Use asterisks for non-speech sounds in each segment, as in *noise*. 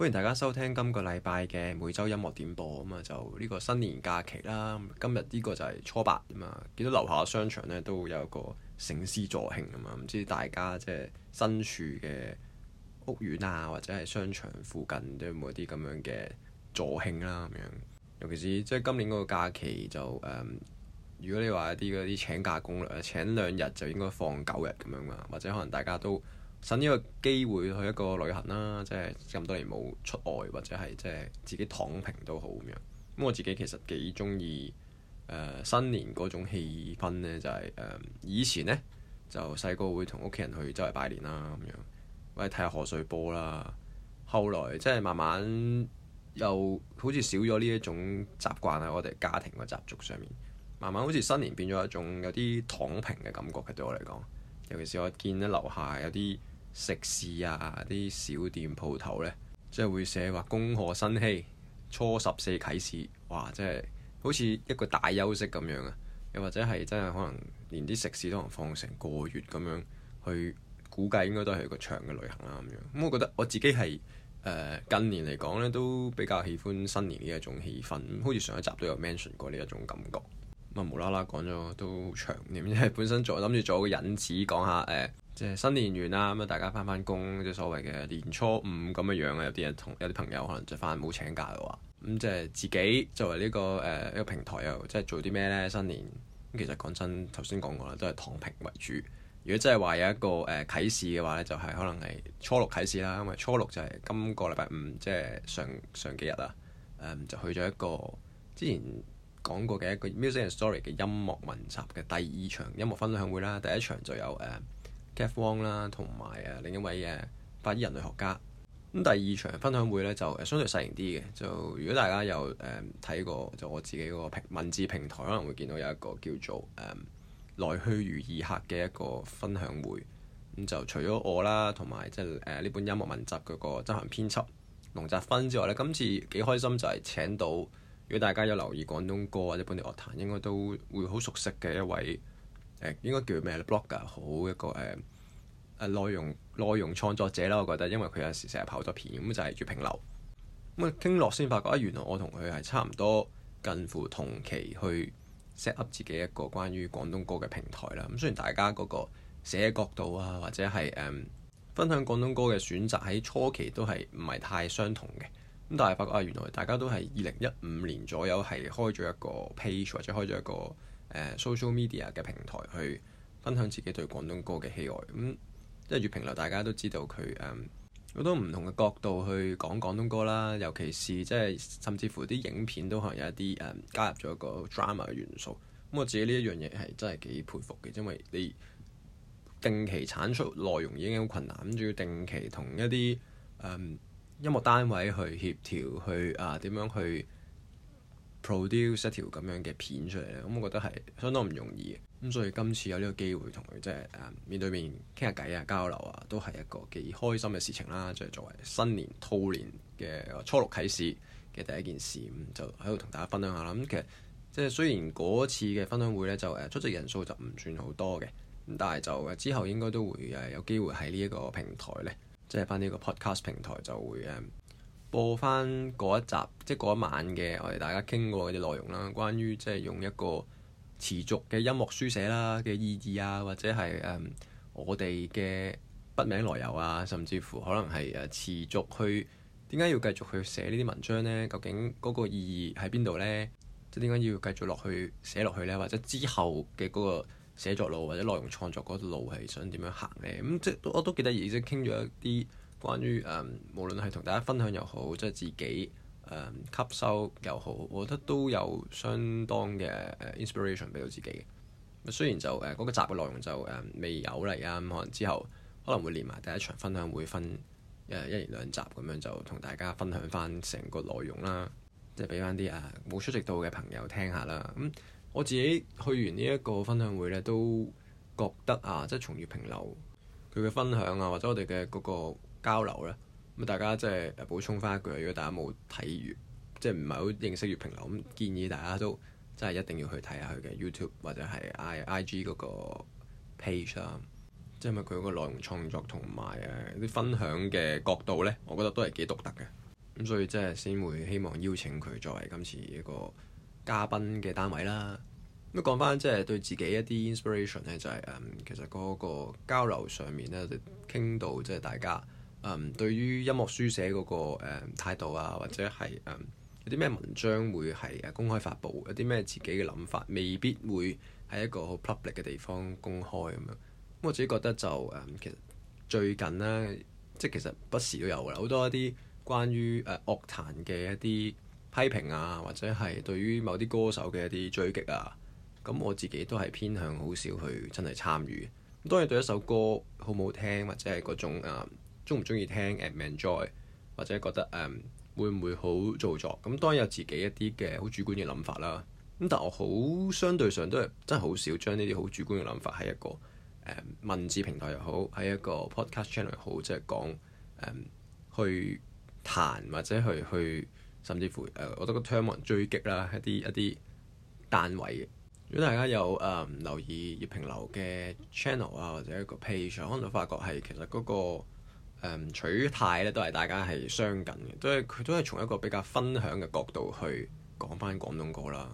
歡迎大家收聽今個禮拜嘅每周音樂點播咁啊，就呢個新年假期啦，今日呢個就係初八啊，見到樓下商場咧都有個醒獅助興啊嘛，唔知大家即係身處嘅屋苑啊，或者係商場附近都有冇啲咁樣嘅助興啦咁樣？尤其是即係今年嗰個假期就，誒、嗯，如果你話一啲嗰啲請假攻略啊，請兩日就應該放九日咁樣啊，或者可能大家都～趁呢個機會去一個旅行啦，即係咁多年冇出外，或者係即係自己躺平都好咁樣。咁我自己其實幾中意誒新年嗰種氣氛呢，就係、是、誒、呃、以前呢，就細個會同屋企人去周圍拜年啦，咁樣或者睇下賀歲波啦。後來即係慢慢又好似少咗呢一種習慣喺我哋家庭嘅習俗上面，慢慢好似新年變咗一種有啲躺平嘅感覺嘅對我嚟講，尤其是我見到樓下有啲食肆啊，啲小店鋪頭呢，即係會寫話恭賀新禧，初十四啟市，哇！即係好似一個大休息咁樣啊。又或者係真係可能連啲食肆都可能放成個月咁樣去估計，應該都係一個長嘅旅行啦。咁樣咁，我覺得我自己係誒、呃、近年嚟講呢，都比較喜歡新年呢一種氣氛。好、嗯、似上一集都有 mention 過呢一種感覺咁啊、嗯，無啦啦講咗都長點，因為本身做諗住做個引子講下誒。呃即係新年完啦，咁啊大家翻翻工，即係所謂嘅年初五咁嘅樣啊！有啲人同有啲朋友可能就翻冇請假嘅話，咁即係自己作為呢、呢個誒一、呃呢個平台又即係做啲咩呢？新年其實講真，頭先講過啦，都係躺平為主。如果真係話有一個誒、呃、啟市嘅話呢就係、是、可能係初六啟市啦，因為初六就係今個禮拜五，即係上上幾日啦、呃。就去咗一個之前講過嘅一個 Music and Story 嘅音樂文集嘅第二場音樂分享會啦，第一場就有誒。呃 Jeff Wong 啦，同埋誒另一位誒法醫人類學家。咁第二場分享會咧，就相對細型啲嘅。就如果大家有誒睇、嗯、過，就我自己個平文字平台可能會見到有一個叫做誒、嗯、來去如意客嘅一個分享會。咁就除咗我啦，同埋即係誒呢本音樂文集嗰個執行編輯龍澤芬之外咧，今次幾開心就係請到，如果大家有留意廣東歌或者本地樂壇，應該都會好熟悉嘅一位。誒應該叫咩 blogger 好一個誒誒、uh, 內容內容創作者啦，我覺得，因為佢有時成日跑咗片，咁就係閱評流。咁傾落先發覺啊，原來我同佢係差唔多近乎同期去 set up 自己一個關於廣東歌嘅平台啦。咁雖然大家嗰個寫角度啊，或者係誒、um, 分享廣東歌嘅選擇喺初期都係唔係太相同嘅，咁但係發覺啊，原來大家都係二零一五年左右係開咗一個 page 或者開咗一個。Uh, social media 嘅平台去分享自己對廣東歌嘅喜愛，咁即係閱評流大家都知道佢誒好多唔同嘅角度去講廣東歌啦，尤其是即係甚至乎啲影片都可能有一啲誒、嗯、加入咗個 drama 嘅元素。咁、嗯、我自己呢一樣嘢係真係幾佩服嘅，因為你定期產出內容已經好困難，咁仲要定期同一啲誒、嗯、音樂單位去協調，去啊點樣去 produce 一條咁樣嘅片出嚟咧，咁我覺得係相當唔容易嘅。咁所以今次有呢個機會同佢即係誒面對面傾下偈啊、交流啊，都係一個幾開心嘅事情啦。即係作為新年兔年嘅初六啟市嘅第一件事，咁就喺度同大家分享下啦。咁其實即係雖然嗰次嘅分享會咧，就誒出席人數就唔算好多嘅，咁但係就之後應該都會誒有機會喺呢一個平台咧，即係翻呢個 podcast 平台就會誒。播翻嗰一集，即係嗰一晚嘅，我哋大家傾過嘅啲內容啦，關於即係用一個持續嘅音樂書寫啦嘅意義啊，或者係誒、um, 我哋嘅筆名來由啊，甚至乎可能係誒持續去點解要繼續去寫呢啲文章呢？究竟嗰個意義喺邊度呢？即係點解要繼續落去寫落去呢？或者之後嘅嗰個寫作路或者內容創作嗰路係想點樣行呢？咁、嗯、即係我都幾得意，即係傾咗一啲。關於誒，無論係同大家分享又好，即係自己、嗯、吸收又好，我覺得都有相當嘅 inspiration 俾到自己嘅。雖然就誒嗰、呃那個集嘅內容就誒、呃、未有嚟啊，咁可能之後可能會連埋第一場分享會分誒、呃、一、兩集咁樣就同大家分享翻成個內容啦，即係俾翻啲誒冇出席到嘅朋友聽下啦。咁、嗯、我自己去完呢一個分享會呢，都覺得啊，即係從閱評流，佢嘅分享啊，或者我哋嘅嗰個。交流啦，咁大家即係補充翻一句，如果大家冇睇完，即係唔係好認識閱評流，咁建議大家都真係一定要去睇下佢嘅 YouTube 或者係 I I G 嗰個 page 啦。即係咪佢嗰個內容創作同埋啊啲分享嘅角度呢？我覺得都係幾獨特嘅。咁所以即係先會希望邀請佢作為今次一個嘉賓嘅單位啦。咁講翻即係對自己一啲 inspiration 呢、就是，就係誒其實嗰個交流上面咧，傾到即係大家。誒、嗯、對於音樂書寫嗰、那個誒、呃、態度啊，或者係誒、嗯、有啲咩文章會係公開發布，有啲咩自己嘅諗法，未必會喺一個好 public 嘅地方公開咁樣。我自己覺得就誒、嗯，其實最近呢，即係其實不時都有啦，好多一啲關於誒樂壇嘅一啲批評啊，或者係對於某啲歌手嘅一啲追擊啊，咁我自己都係偏向好少去真係參與。當然對一首歌好唔好聽，或者係嗰種、啊中唔中意聽 Atmanjoy，或者覺得誒、um, 會唔會好做作？咁當然有自己一啲嘅好主觀嘅諗法啦。咁但我好相對上都係真係好少將呢啲好主觀嘅諗法喺一個誒文、嗯、字平台又好，喺一個 podcast channel 又好，即係講誒去彈或者去去，甚至乎誒、呃、我覺得 turn 追擊啦一啲一啲單位。如果大家有誒、嗯、留意閱評流嘅 channel 啊，或者一個 page，可能發覺係其實嗰、那個。嗯、取態咧都係大家係相近嘅，都係佢都係從一個比較分享嘅角度去講翻廣東歌啦。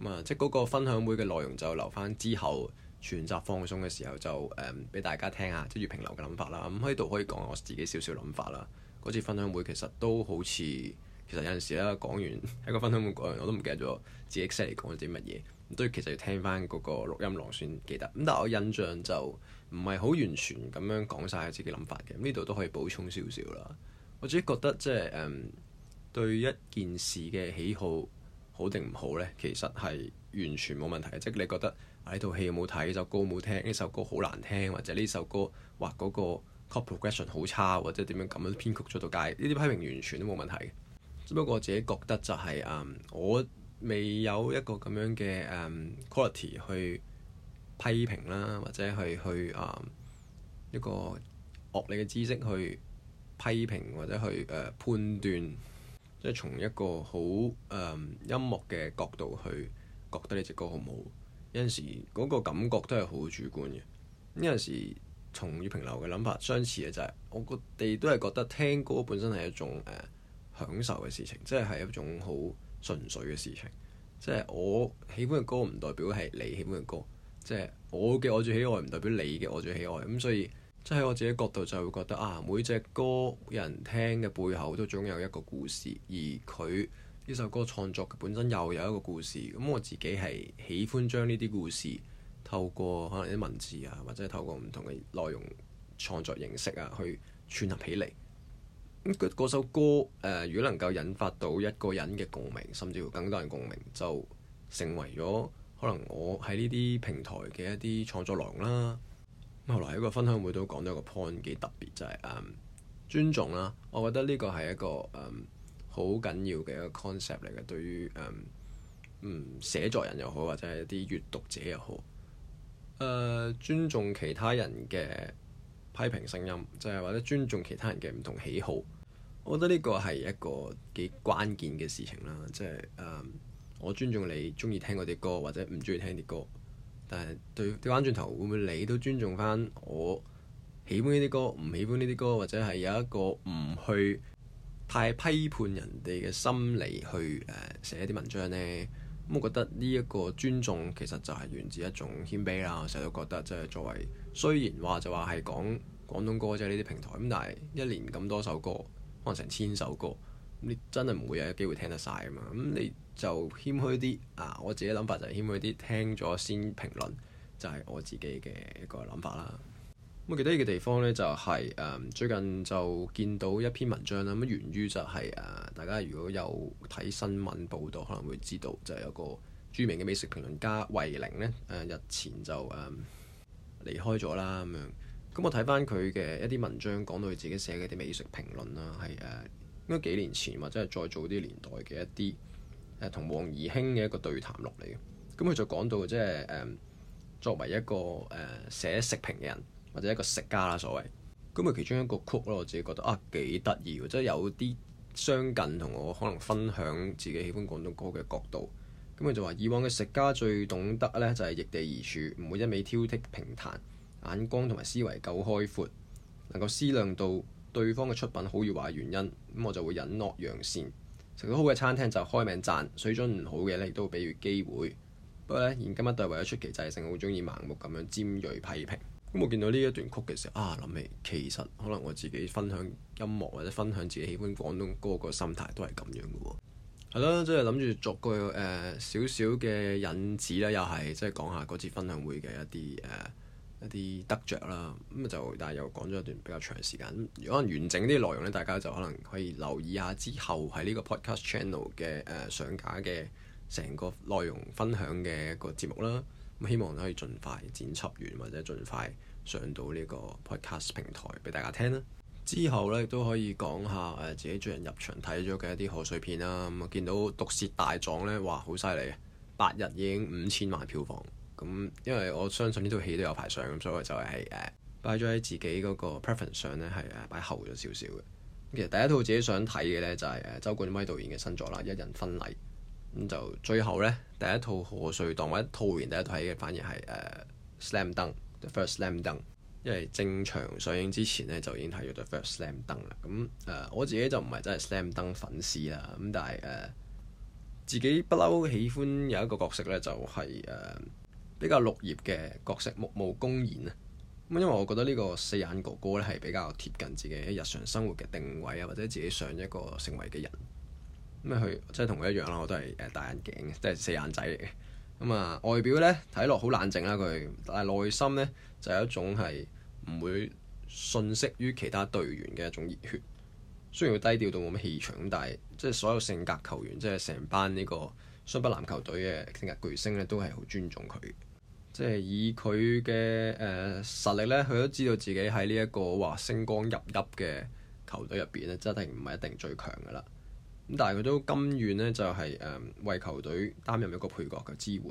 咁、嗯、啊，即係嗰個分享會嘅內容就留翻之後全集放鬆嘅時候就誒俾、嗯、大家聽下，即係閱評流嘅諗法啦。咁喺度可以講我自己少少諗法啦。嗰次分享會其實都好似～其實有陣時咧，講完一個分享會講完，我都唔記得咗自己 set 嚟講咗啲乜嘢。咁都其實要聽翻嗰個錄音廊選，記得咁。但係我印象就唔係好完全咁樣講晒自己諗法嘅。呢度都可以補充少少啦。我自己覺得即係誒、嗯、對一件事嘅喜好好定唔好咧，其實係完全冇問題嘅。即、就、係、是、你覺得啊，呢套戲有冇睇？就歌冇聽？呢首歌好難聽，或者呢首歌哇嗰個 c o p progression 好差，或者點樣咁樣編曲出到街，呢啲批評完全都冇問題嘅。只不過我自己覺得就係、是、誒，um, 我未有一個咁樣嘅誒、um, quality 去批評啦，或者係去誒、um, 一個樂理嘅知識去批評或者去誒、uh, 判斷，即係從一個好誒、um, 音樂嘅角度去覺得呢隻歌好唔好。有陣時嗰個感覺都係好主觀嘅。呢陣時同閱評流嘅諗法相似嘅就係、是，我哋都係覺得聽歌本身係一種誒。Uh, 享受嘅事情，即係一種好純粹嘅事情。即係我喜歡嘅歌，唔代表係你喜歡嘅歌。即係我嘅我最喜愛唔代表你嘅我最喜愛，咁所以，即係我自己角度就會覺得啊，每隻歌有人聽嘅背後都總有一個故事，而佢呢首歌創作嘅本身又有一個故事。咁我自己係喜歡將呢啲故事透過可能啲文字啊，或者透過唔同嘅內容創作形式啊，去串合起嚟。咁嗰首歌，誒、呃、如果能夠引發到一個人嘅共鳴，甚至乎更多人共鳴，就成為咗可能我喺呢啲平台嘅一啲創作廊啦。咁後來喺個分享會都講咗一個 point 幾特別，就係、是、誒、嗯、尊重啦。我覺得呢個係一個誒好緊要嘅一個 concept 嚟嘅，對於誒嗯寫作人又好，或者係一啲閱讀者又好，誒、呃、尊重其他人嘅。批評聲音，即係或者尊重其他人嘅唔同喜好，我覺得呢個係一個幾關鍵嘅事情啦。即係誒、呃，我尊重你中意聽嗰啲歌，或者唔中意聽啲歌，但係調返轉頭會唔會你都尊重翻我喜歡呢啲歌，唔喜歡呢啲歌，或者係有一個唔去太批判人哋嘅心理去誒寫一啲文章呢？咁我覺得呢一個尊重其實就係源自一種謙卑啦。我成日都覺得即係作為雖然話就話係講，廣東歌就係，呢啲平台咁，但係一年咁多首歌，可能成千首歌，你真係唔會有啲機會聽得晒啊嘛。咁你就謙虛啲啊，我自己諗法就係謙虛啲，聽咗先評論，就係、是、我自己嘅一個諗法啦。咁我記得呢個地方呢，就係、是、誒、嗯、最近就見到一篇文章啦，咁、嗯、源於就係、是、誒、啊、大家如果有睇新聞報導，可能會知道就係、是、有個著名嘅美食評論家唯靈呢，誒、嗯、日前就誒、嗯、離開咗啦咁樣。嗯咁我睇翻佢嘅一啲文章，講到佢自己寫嘅啲美食評論啦，係誒、呃、應該幾年前或者係再早啲年代嘅一啲誒同黃怡興嘅一個對談落嚟，咁佢就講到即係誒作為一個誒、呃、寫食評嘅人或者一個食家啦，所謂，咁佢其中一個曲咯，我自己覺得啊幾得意喎，即係有啲相近同我可能分享自己喜歡廣東歌嘅角度。咁佢就話以往嘅食家最懂得咧就係、是、逆地而處，唔會一味挑剔平淡。眼光同埋思維夠開闊，能夠思量到對方嘅出品好與壞原因，咁我就會隱惡揚善。食到好嘅餐廳就開名讚，水準唔好嘅咧亦都會俾機會。不過咧，現今都係為咗出奇制勝，我好中意盲目咁樣尖鋭批評。咁、嗯、我見到呢一段曲嘅時候，啊諗起其實可能我自己分享音樂或者分享自己喜歡廣東歌個心態都係咁樣嘅喎、哦。係咯，即係諗住作個誒少少嘅引子啦，又係即係講下嗰次分享會嘅一啲誒。呃一啲得着啦，咁就，但係又講咗一段比較長時間，如果可能完整啲內容咧，大家就可能可以留意下之後喺呢個 Podcast Channel 嘅、誒、呃、上架嘅成個內容分享嘅一個節目啦。咁、嗯、希望可以盡快剪輯完或者盡快上到呢個 Podcast 平台俾大家聽啦。之後咧亦都可以講下誒自己最近入場睇咗嘅一啲賀歲片啦。咁、嗯、啊見到《毒舌大狀》咧，哇，好犀利啊！八日已經五千萬票房。咁，因為我相信呢套戲都有排上，咁所以就係誒擺咗喺自己嗰個 preference 上咧，係誒擺後咗少少嘅。其實第一套自己想睇嘅咧就係誒周冠威導演嘅新作啦，《一人婚禮》。咁就最後咧，第一套賀歲檔或者套完，第一套睇嘅反而係誒《啊、slam dunk The First Slam Dunk》，因為正常上映之前咧就已經睇咗《The First Slam Dunk》啦。咁誒、啊、我自己就唔係真係《slam dunk》粉絲啊，咁但係誒自己不嬲喜歡有一個角色咧、就係，就係誒。比較綠葉嘅角色，木暮公延啊！咁因為我覺得呢個四眼哥哥咧，係比較貼近自己日常生活嘅定位啊，或者自己想一個成為嘅人。咁啊，佢即係同佢一樣啦，我都係誒戴眼鏡即係四眼仔嚟嘅。咁啊，外表咧睇落好冷靜啦、啊、佢，但係內心咧就係、是、一種係唔會遜色於其他隊員嘅一種熱血。雖然佢低調到冇乜氣場，但係即係所有性格球員，即係成班呢個湘北籃球隊嘅性格巨星咧，都係好尊重佢，即係以佢嘅誒實力咧，佢都知道自己喺呢一個話星光熠熠嘅球隊入邊咧，真係唔係一定最強噶啦。咁但係佢都甘願呢，就係、是、誒、呃、為球隊擔任一個配角嘅支援，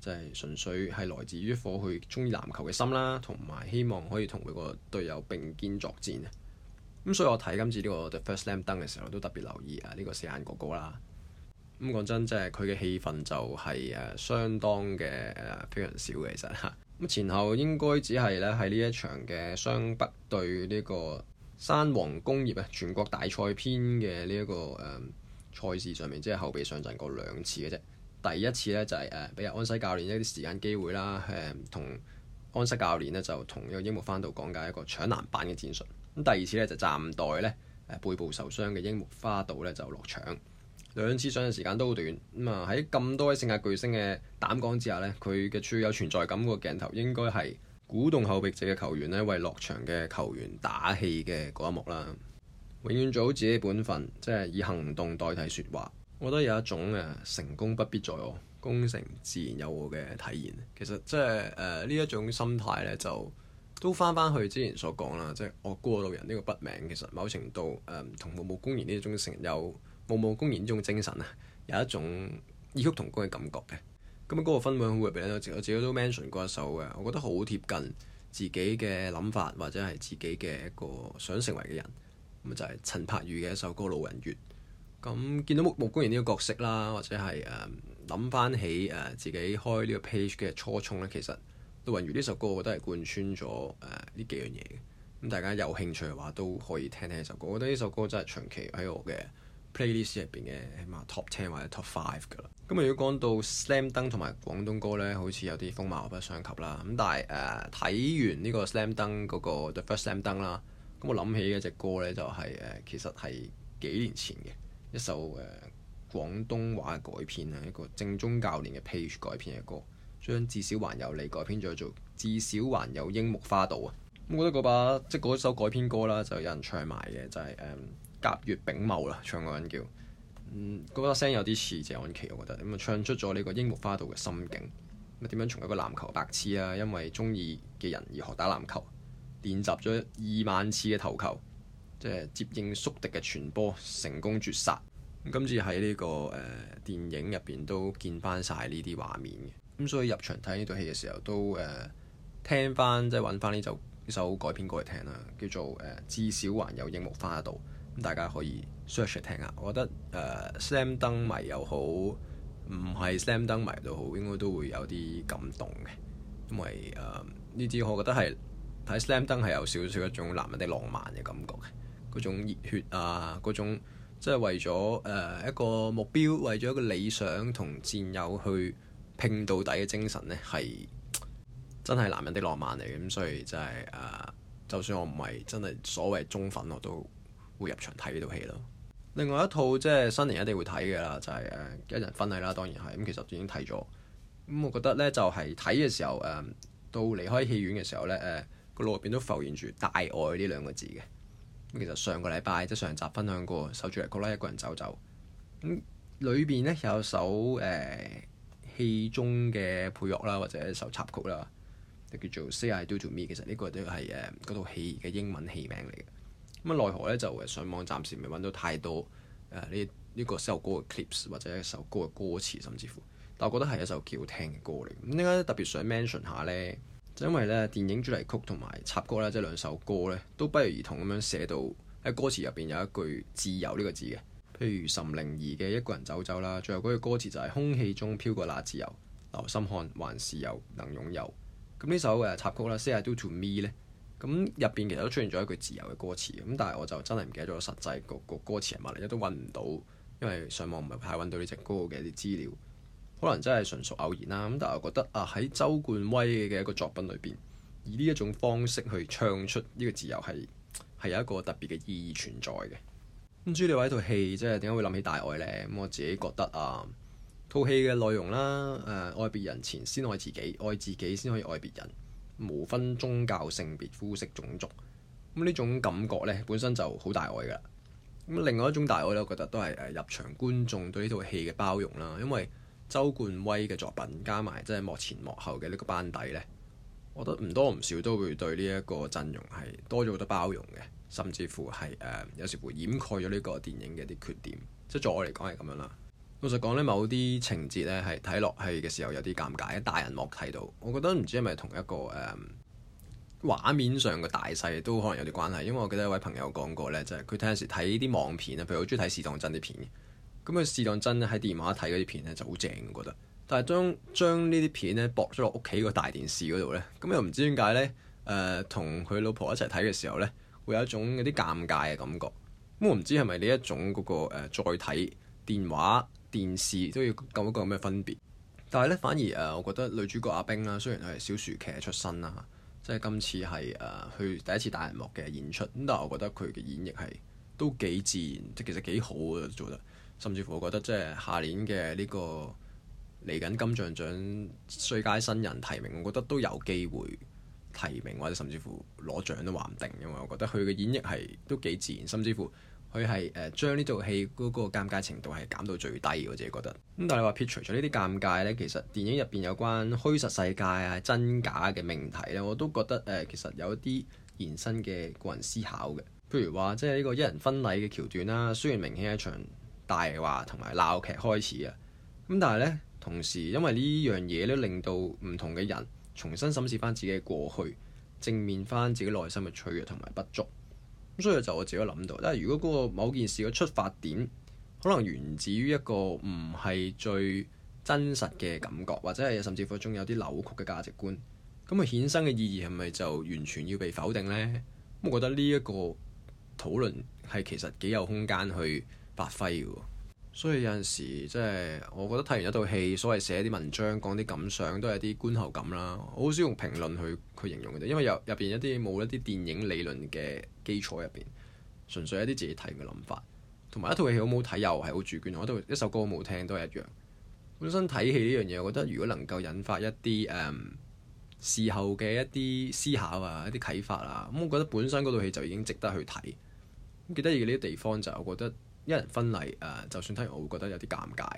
即係純粹係來自於火去鍾意籃球嘅心啦，同埋希望可以同每個隊友並肩作戰。咁所以我睇今次呢個、The、First Slam Dunk 嘅時候，都特別留意啊呢、這個四眼哥哥啦。咁講真，即係佢嘅戲份就係誒相當嘅誒非常少嘅，其實嚇。咁前後應該只係咧喺呢一場嘅雙北對呢個山王工業啊全國大賽篇嘅呢一個誒、呃、賽事上面，即係後備上陣過兩次嘅啫。第一次咧就係誒俾阿安西教練一啲時間機會啦，誒、呃、同安西教練呢就同一個櫻木花道講解一個搶籃板嘅戰術。咁第二次咧就暫代咧誒背部受傷嘅櫻木花道咧就落場。兩次上嘅時間都好短，咁啊，喺咁多位性格巨星嘅膽講之下呢，佢嘅最有存在感個鏡頭應該係鼓動後備者嘅球員呢，為落場嘅球員打氣嘅嗰一幕啦。永遠做好自己本分，即係以行動代替説話。我覺得有一種嘅、啊、成功不必在我，功成自然有我嘅體現。其實即係誒呢一種心態呢就都返返去之前所講啦，即係我過路人呢個筆名，其實某程度誒同默默耕耘呢一種成有。木木公園呢種精神啊，有一種異曲同工嘅感覺嘅。咁、嗯、啊，嗰、那個分享會入邊，我自己都 mention 過一首嘅，我覺得好貼近自己嘅諗法或者係自己嘅一個想成為嘅人咁、嗯、就係、是、陳柏宇嘅一首歌《路人月》。咁、嗯、見到木木公園呢個角色啦，或者係誒諗翻起誒、啊、自己開呢個 page 嘅初衷咧，其實《路人月》呢首歌，我覺得係貫穿咗誒呢幾樣嘢嘅。咁、嗯、大家有興趣嘅話，都可以聽聽呢首歌。我覺得呢首歌真係長期喺我嘅。playlist 入邊嘅起碼 top ten 或者 top five 噶啦，咁啊如果講到 Slam Dunk 同埋廣東歌咧，好似有啲風馬牛不相及啦。咁但係誒睇完呢個 Slam Dunk 嗰、那個 The First Slam Dunk 啦、啊，咁我諗起一隻歌咧，就係、是、誒、呃、其實係幾年前嘅一首誒、呃、廣東話改編啊，一個正宗教練嘅 page 改編嘅歌，將至少還有你改編咗做至少還有櫻木花道啊。咁、嗯、我覺得嗰把即係嗰首改編歌啦，就有人唱埋嘅就係、是、誒。嗯甲越丙卯啦，唱嗰人叫嗯嗰、把聲有啲似謝安琪，我覺得咁啊唱出咗呢個櫻木花道嘅心境。咁啊點樣從一個籃球白痴啊，因為中意嘅人而學打籃球，練習咗二萬次嘅投球，即係接應宿敵嘅傳波，成功絕殺。咁今次喺呢、這個誒、呃、電影入邊都見翻晒呢啲畫面嘅咁、嗯，所以入場睇呢套戲嘅時候都誒、呃、聽翻即係揾翻呢就呢首改編歌嚟聽啦，叫做誒、呃、至少還有櫻木花道。大家可以 search 嚟聽啊。我覺得誒、呃，Slam Dunk 迷又好，唔係 Slam Dunk 迷都好，應該都會有啲感動嘅，因為誒呢啲我覺得係睇 Slam Dunk 係有少少一種男人的浪漫嘅感覺嘅，嗰種熱血啊，嗰、呃、種即係為咗誒、呃、一個目標，為咗一個理想同戰友去拼到底嘅精神呢係真係男人的浪漫嚟嘅。咁所以真係誒、呃，就算我唔係真係所謂忠粉，我都～會入場睇呢套戲咯。另外一套即係新年一定會睇嘅啦，就係誒一人婚禮啦，當然係咁，其實已經睇咗。咁、嗯、我覺得呢，就係睇嘅時候誒、啊，到離開戲院嘅時候呢，誒個腦入邊都浮現住大愛呢兩個字嘅。咁、嗯、其實上個禮拜即係上集分享過守住嚟曲啦，一個人走走。咁裏邊咧有首誒、啊、戲中嘅配樂啦，或者一首插曲啦，就、啊、叫做 Say I Do To Me。其實呢個都係誒嗰套戲嘅英文戲名嚟嘅。咁啊，奈何咧就上網暫時未揾到太多誒呢呢個首歌嘅 clips 或者一首歌嘅歌詞，甚至乎，但我覺得係一首幾好聽嘅歌嚟。咁點解特別想 mention 下呢？就是、因為呢電影主題曲同埋插曲呢，即係兩首歌呢，都不約而同咁樣寫到喺歌詞入邊有一句自由呢個字嘅。譬如岑寧兒嘅一個人走走啦，最後嗰句歌詞就係、是、空氣中飄過那自由，留心看還是有能擁有。咁呢首誒插曲啦，Say I Do To Me 咧。呢咁入邊其實都出現咗一句自由嘅歌詞，咁但係我就真係唔記得咗實際個歌詞係乜嚟嘅，都揾唔到，因為上網唔係太揾到呢隻歌嘅啲資料，可能真係純屬偶然啦。咁但係我覺得啊，喺周冠威嘅一個作品裏邊，以呢一種方式去唱出呢個自由係係有一個特別嘅意義存在嘅。唔知、 *laughs* 嗯、你話呢套戲即係點解會諗起大愛呢？咁我自己覺得啊，套戲嘅內容啦，誒、啊、愛別人前先愛自己，愛自己先可以愛別人。無分宗教、性別、膚色、種族，咁呢種感覺呢本身就好大愛㗎。咁另外一種大愛呢，我覺得都係誒入場觀眾對呢套戲嘅包容啦。因為周冠威嘅作品加埋即係幕前幕後嘅呢個班底呢，我覺得唔多唔少都會對呢一個陣容係多咗好多包容嘅，甚至乎係誒、呃、有時會掩蓋咗呢個電影嘅啲缺點，即係在我嚟講係咁樣啦。老實講咧，某啲情節咧係睇落去嘅時候有啲尷尬，大人莫睇到。我覺得唔知係咪同一個誒、嗯、畫面上嘅大細都可能有啲關係。因為我記得一位朋友講過咧，就係佢睇陣時睇啲網片啊，譬如好中意睇《時當真》啲片。咁佢《時當真》喺電話睇嗰啲片咧就好正，我覺得。但係將將呢啲片咧駁咗落屋企個大電視嗰度咧，咁又唔知點解咧？誒、呃，同佢老婆一齊睇嘅時候咧，會有一種有啲尷尬嘅感覺。咁我唔知係咪呢一種嗰、嗰個載體電話。電視都要講一講有咩分別，但係咧反而誒，我覺得女主角阿冰啦，雖然係小説劇出身啦，即係今次係誒去第一次大銀幕嘅演出，咁但係我覺得佢嘅演繹係都幾自然，即其實幾好嘅做得，甚至乎我覺得即係、這個、下年嘅呢個嚟緊金像獎最佳新人提名，我覺得都有機會提名或者甚至乎攞獎都話唔定因為，我覺得佢嘅演繹係都幾自然，甚至乎。佢係誒將呢套戲嗰個尷尬程度係減到最低嘅。我自己覺得。咁但係話撇除咗呢啲尷尬呢，其實電影入邊有關虛實世界係真假嘅命題呢，我都覺得誒、呃、其實有一啲延伸嘅個人思考嘅。譬如話即係呢個一人婚禮嘅橋段啦，雖然明顯係一場大話同埋鬧劇開始啊，咁但係呢，同時因為呢樣嘢都令到唔同嘅人重新審視返自己嘅過去，正面返自己內心嘅脆弱同埋不足。咁所以我就我自己諗到，因為如果嗰個某件事嘅出發點可能源自於一個唔係最真實嘅感覺，或者係甚至乎中有啲扭曲嘅價值觀，咁佢衍生嘅意義，係咪就完全要被否定咧？咁我覺得呢一個討論，係其實幾有空間去發揮嘅。所以有陣時，即係我覺得睇完一套戲，所謂寫啲文章講啲感想，都係啲觀後感啦。我好少用評論去去形容佢哋，因為入入邊一啲冇一啲電影理論嘅基礎入邊，純粹一啲自己睇嘅諗法。同埋一套戲好唔好睇，又係好主觀。我覺得一首歌好唔好聽都係一樣。本身睇戲呢樣嘢，我覺得如果能夠引發一啲誒、um, 事後嘅一啲思考啊，一啲啟發啊，咁我覺得本身嗰套戲就已經值得去睇。咁幾得意嘅呢啲地方就我覺得。一人婚禮，誒，就算睇完，我會覺得有啲尷尬。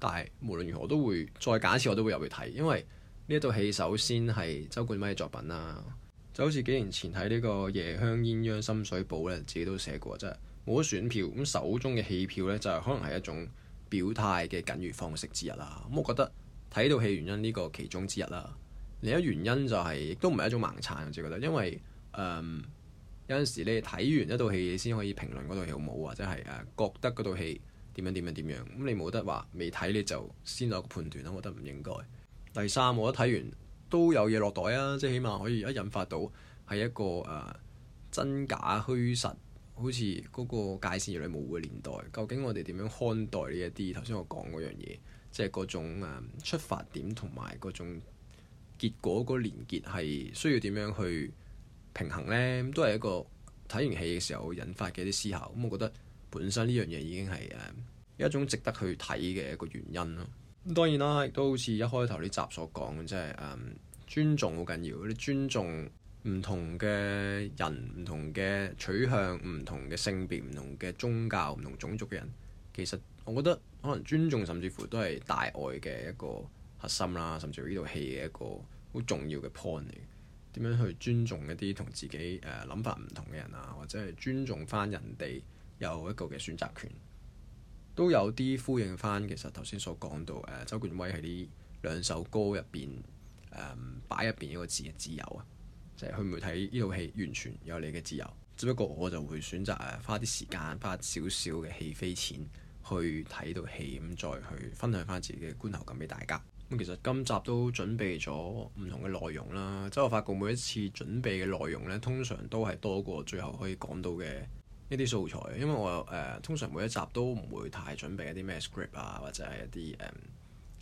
但係無論如何，我都會再假設，我都會入去睇，因為呢一套戲首先係周冠威嘅作品啦。就好似幾年前睇呢、這個《夜香鴛鴦、深水埗》咧，自己都寫過即係冇咗選票。咁手中嘅戲票呢，就係可能係一種表態嘅僅餘方式之一啦。咁、嗯、我覺得睇到套戲原因呢個其中之一啦。另一原因就係、是、亦都唔係一種盲撐，自己覺得，因為誒。嗯有陣時你睇完一套戲，你先可以評論嗰套戲好唔好啊，或者係覺得嗰套戲點樣點樣點樣。咁你冇得話未睇你就先落個判斷，我覺得唔應該。第三，我睇完都有嘢落袋啊，即係起碼可以一引發到係一個誒、呃、真假虛實，好似嗰個界線越嚟越模糊嘅年代，究竟我哋點樣看待呢一啲頭先我講嗰樣嘢，即係嗰種、呃、出發點同埋嗰種結果嗰連結係需要點樣去平衡呢，都係一個睇完戲嘅時候引發嘅一啲思考。咁、嗯、我覺得本身呢樣嘢已經係誒、嗯、一種值得去睇嘅一個原因咯。咁當然啦，亦都好似一開頭呢集所講，即係誒尊重好緊要。你尊重唔同嘅人、唔同嘅取向、唔同嘅性別、唔同嘅宗教、唔同種族嘅人，其實我覺得可能尊重甚至乎都係大愛嘅一個核心啦，甚至乎呢套戲嘅一個好重要嘅 point 嚟。點樣去尊重一啲同自己誒、呃、諗法唔同嘅人啊？或者係尊重翻人哋有一個嘅選擇權，都有啲呼應翻其實頭先所講到誒周冠威喺呢兩首歌入面、呃、入邊誒擺入邊一個字嘅自由啊，即係佢唔會睇呢套戲完全有你嘅自由，只不過我就會選擇誒花啲時間花少少嘅戲飛錢去睇到戲咁，再去分享翻自己嘅觀後感俾大家。咁其實今集都準備咗唔同嘅內容啦。即係我發覺每一次準備嘅內容呢，通常都係多過最後可以講到嘅一啲素材。因為我誒、呃、通常每一集都唔會太準備一啲咩 script 啊，或者係一啲誒、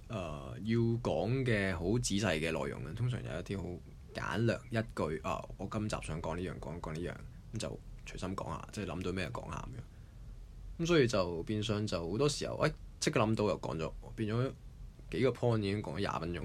呃、要講嘅好仔細嘅內容嘅。通常有一啲好簡略一句啊，我今集想講呢樣，講講呢樣，咁就隨心講下，即係諗到咩講下咁樣。咁所以就變相就好多時候，誒即刻諗到又講咗，變咗。幾個 point 已經講咗廿分鐘，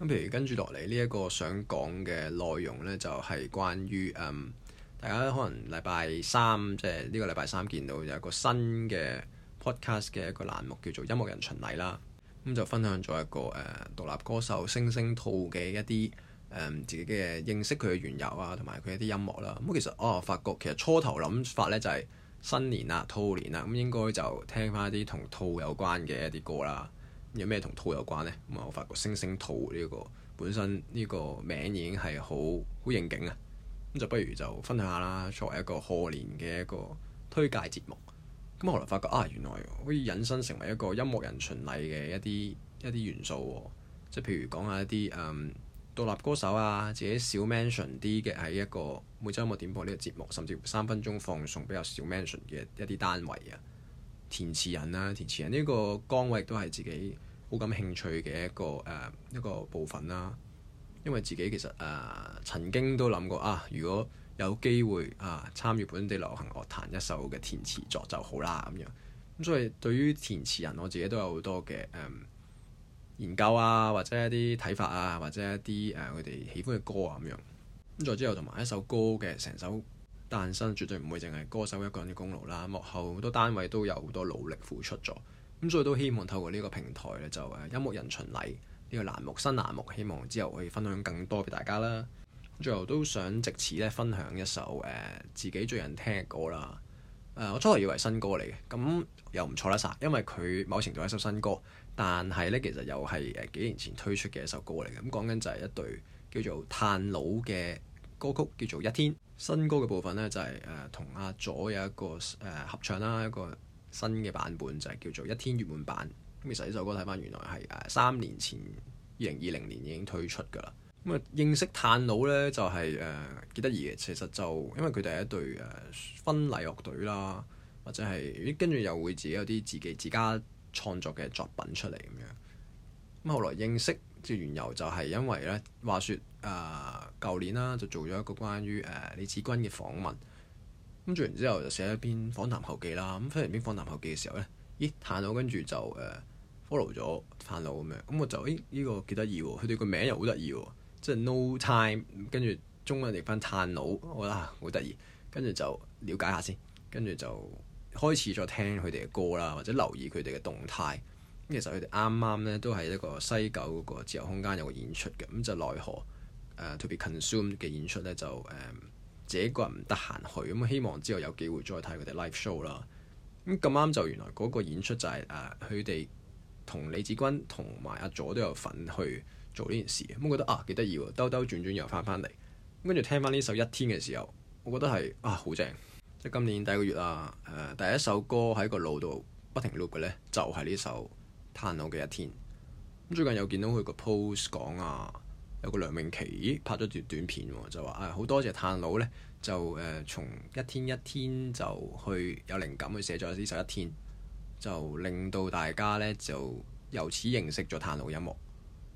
咁 *laughs* 譬如跟住落嚟呢一個想講嘅內容呢，就係、是、關於誒、嗯、大家可能禮拜三即係呢個禮拜三見到有一個新嘅 podcast 嘅一個欄目叫做音樂人巡禮啦。咁、嗯、就分享咗一個誒、呃、獨立歌手星星兔嘅一啲、嗯、自己嘅認識佢嘅緣由啊，同埋佢一啲音樂啦。咁、嗯、其實啊我啊發覺其實初頭諗法呢就係、是、新年啦，兔年啦，咁、嗯、應該就聽翻一啲同兔有關嘅一啲歌啦。有咩同兔有關呢？咁啊，我發覺星星兔呢個本身呢個名已經係好好應景啊！咁就不如就分享下啦，作為一個賀年嘅一個推介節目。咁我後來發覺啊，原來可以引申成為一個音樂人巡禮嘅一啲一啲元素喎、啊。即係譬如講下一啲誒、嗯、獨立歌手啊，自己少 mention 啲嘅喺一個每週音樂點播呢個節目，甚至三分鐘放送比較少 mention 嘅一啲單位啊。填詞人啦、啊，填詞人呢個崗位都係自己好感興趣嘅一個誒、呃、一個部分啦、啊。因為自己其實誒、呃、曾經都諗過啊，如果有機會啊參與本地流行樂壇一首嘅填詞作就好啦咁樣。咁所以對於填詞人我自己都有好多嘅誒、呃、研究啊，或者一啲睇法啊，或者一啲誒佢哋喜歡嘅歌啊咁樣。咁再之後同埋一首歌嘅成首誕生絕對唔會淨係歌手一個人嘅功勞啦，幕後好多單位都有好多努力付出咗，咁所以都希望透過呢個平台咧，就誒音樂人巡禮呢、這個欄目新欄目，希望之後可以分享更多俾大家啦。最後都想藉此咧分享一首誒、呃、自己最近聽嘅歌啦。誒、呃、我初頭以為新歌嚟嘅，咁又唔錯得曬，因為佢某程度係一首新歌，但係咧其實又係誒幾年前推出嘅一首歌嚟嘅，咁講緊就係一隊叫做嘆佬嘅。歌曲叫做《一天》新歌嘅部分呢，就係誒同阿左有一個誒、呃、合唱啦，一個新嘅版本就係、是、叫做《一天》月滿版。咁其實呢首歌睇返，原來係誒、呃、三年前二零二零年已經推出㗎啦。咁、嗯、啊，認識嘆佬呢，就係誒幾得意嘅。其實就因為佢哋係一對誒婚禮樂隊啦，或者係跟住又會自己有啲自己自家創作嘅作品出嚟咁樣。咁、嗯、後來認識至緣由就係因為呢話説啊～、呃呃呃舊年啦，就做咗一個關於誒李子君嘅訪問，咁做完之後就寫一篇訪談後記啦。咁寫完篇訪談後記嘅時候咧，咦，嘆佬跟住就誒、呃、follow 咗嘆佬咁樣。咁我就誒呢、呢個幾得意喎，佢哋個名又好得意喎，即係 No Time，跟住中文譯翻嘆佬，我覺得好得意。跟住就了解下先，跟住就開始再聽佢哋嘅歌啦，或者留意佢哋嘅動態。咁其實佢哋啱啱咧都係一個西九嗰個自由空間有個演出嘅，咁就奈何。誒、uh, to be consumed 嘅演出咧就誒，um, 自己個人唔得閒去，咁希望之後有機會再睇佢哋 live show 啦。咁咁啱就原來嗰個演出就係誒佢哋同李子君同埋阿佐都有份去做呢件事，咁覺得啊幾得意，兜兜轉轉又翻翻嚟。咁跟住聽翻呢首一天嘅時候，我覺得係啊好正。即係今年第一個月啊，誒、呃、第一首歌喺個腦度不停 loop 嘅咧，就係、是、呢首《嘆佬我嘅一天》。咁最近有見到佢個 post 講啊～有個梁明琪拍咗段短片喎，就話啊好多謝嘆佬呢就誒、呃、從一天一天就去有靈感去寫咗呢首《一天》，就令到大家呢就由此認識咗嘆佬音樂。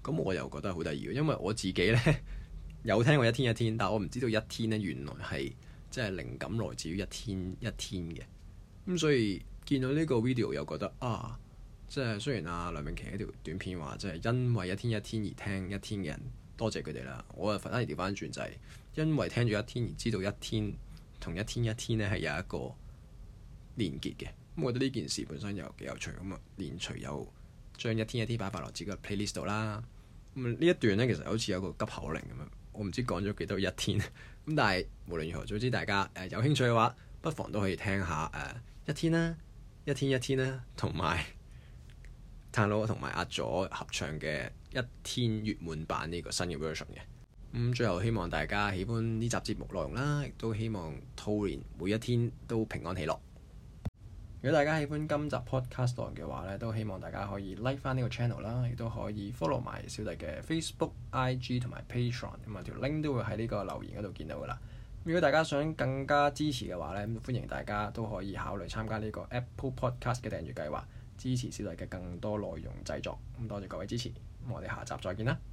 咁我又覺得好得意，因為我自己呢 *laughs* 有聽過《一天一天》，但我唔知道《一天》呢原來係即係靈感來自於《一天一天》嘅。咁所以見到呢個 video 又覺得啊，即係雖然啊梁明琪一條短片話，即係因為《一天一天》而聽《一天》嘅人。多謝佢哋啦！我啊反而調翻轉就係因為聽咗一天而知道一天同一天一天咧係有一個連結嘅，咁我覺得呢件事本身又幾有趣，咁啊連隨有將一天一天擺返落自己 playlist 度啦。咁呢一段呢，其實好似有個急口令咁樣，我唔知講咗幾多一天，咁但係無論如何，總之大家誒、呃、有興趣嘅話，不妨都可以聽下誒、呃、一天啦、啊、一天一天啦、啊，同埋嘆佬，同埋阿左合唱嘅。一天月滿版呢個新嘅 version 嘅。咁，最後希望大家喜歡呢集節目內容啦，亦都希望兔年每一天都平安喜樂。如果大家喜歡今集 podcast 內容嘅話咧，都希望大家可以 like 翻呢個 channel 啦，亦都可以 follow 埋小弟嘅 Facebook、IG 同埋 Patreon 咁，啊條 link 都會喺呢個留言嗰度見到噶啦。如果大家想更加支持嘅話咧，咁歡迎大家都可以考慮參加呢個 Apple Podcast 嘅訂閱計劃，支持小弟嘅更多內容製作。咁多謝各位支持。我哋下集再見啦～